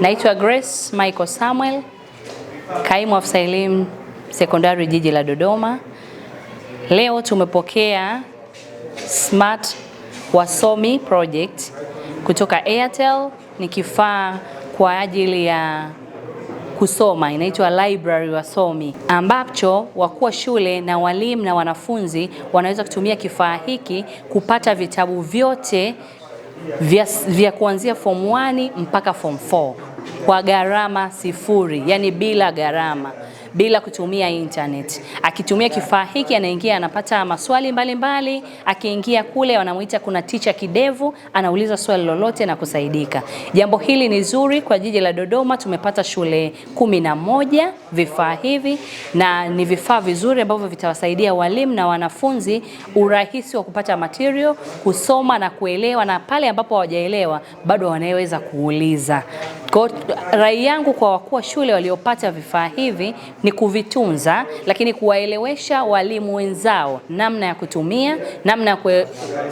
Naitwa Grace Michael Samuel, kaimu afisa elimu sekondari jiji la Dodoma. Leo tumepokea Smart Wasomi project kutoka Airtel. Ni kifaa kwa ajili ya kusoma inaitwa Library Wasomi, ambacho wakuu wa shule na walimu na wanafunzi wanaweza kutumia kifaa hiki kupata vitabu vyote vya, vya kuanzia form 1 mpaka form 4 kwa gharama sifuri, yani bila gharama bila kutumia internet. Akitumia kifaa hiki anaingia anapata maswali mbalimbali, akiingia kule wanamuita kuna ticha kidevu, anauliza swali lolote na kusaidika. Jambo hili ni zuri kwa jiji la Dodoma, tumepata shule kumi na moja vifaa hivi na ni vifaa vizuri ambavyo vitawasaidia walimu na wanafunzi urahisi wa kupata material, kusoma na kuelewa, na pale ambapo hawajaelewa bado wanaweza kuuliza. Kwa rai yangu kwa wakuu wa shule waliopata vifaa hivi ni kuvitunza, lakini kuwaelewesha walimu wenzao namna ya kutumia, namna ya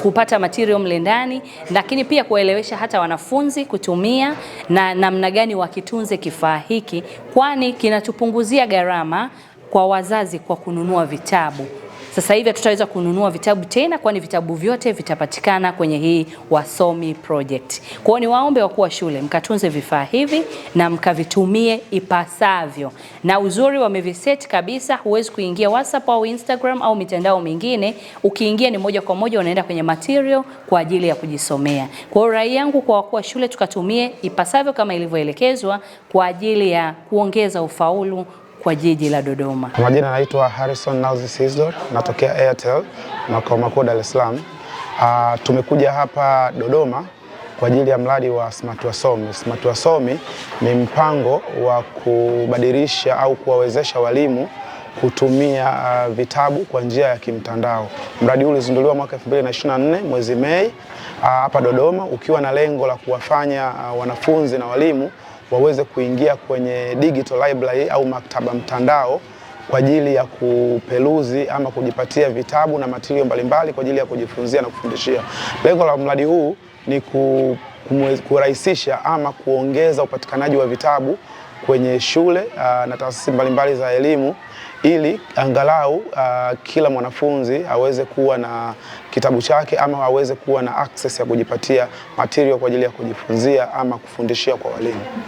kupata material mle ndani, lakini pia kuwaelewesha hata wanafunzi kutumia na namna gani wakitunze kifaa hiki, kwani kinatupunguzia gharama kwa wazazi kwa kununua vitabu. Sasa hivi hatutaweza kununua vitabu tena, kwani vitabu vyote vitapatikana kwenye hii Wasomi Project. Kwao ni waombe wakuu wa shule mkatunze vifaa hivi na mkavitumie ipasavyo, na uzuri wameviseti kabisa, huwezi kuingia WhatsApp au Instagram au mitandao mingine. Ukiingia ni moja kwa moja unaenda kwenye material kwa ajili ya kujisomea. Kwa hiyo rai yangu kwa wakuu wa shule tukatumie ipasavyo kama ilivyoelekezwa kwa ajili ya kuongeza ufaulu kwa jiji la Dodoma. Kwa majina naitwa Harrison Nauzi Sizdor, natokea Airtel makao makuu Dar es Salaam. Uh, tumekuja hapa Dodoma kwa ajili ya mradi wa Smart Wasomi. Smart Wasomi ni mpango wa kubadilisha au kuwawezesha walimu kutumia uh, vitabu kwa njia ya kimtandao. Mradi huu ulizinduliwa mwaka 2024 mwezi Mei uh, hapa Dodoma, ukiwa na lengo la kuwafanya uh, wanafunzi na walimu waweze kuingia kwenye digital library au maktaba mtandao kwa ajili ya kupeluzi ama kujipatia vitabu na matirio mbalimbali kwa ajili ya kujifunzia na kufundishia. Lengo la mradi huu ni ku kurahisisha ama kuongeza upatikanaji wa vitabu kwenye shule uh, na taasisi mbalimbali za elimu ili angalau uh, kila mwanafunzi aweze kuwa na kitabu chake ama aweze kuwa na access ya kujipatia material kwa ajili ya kujifunzia ama kufundishia kwa walimu.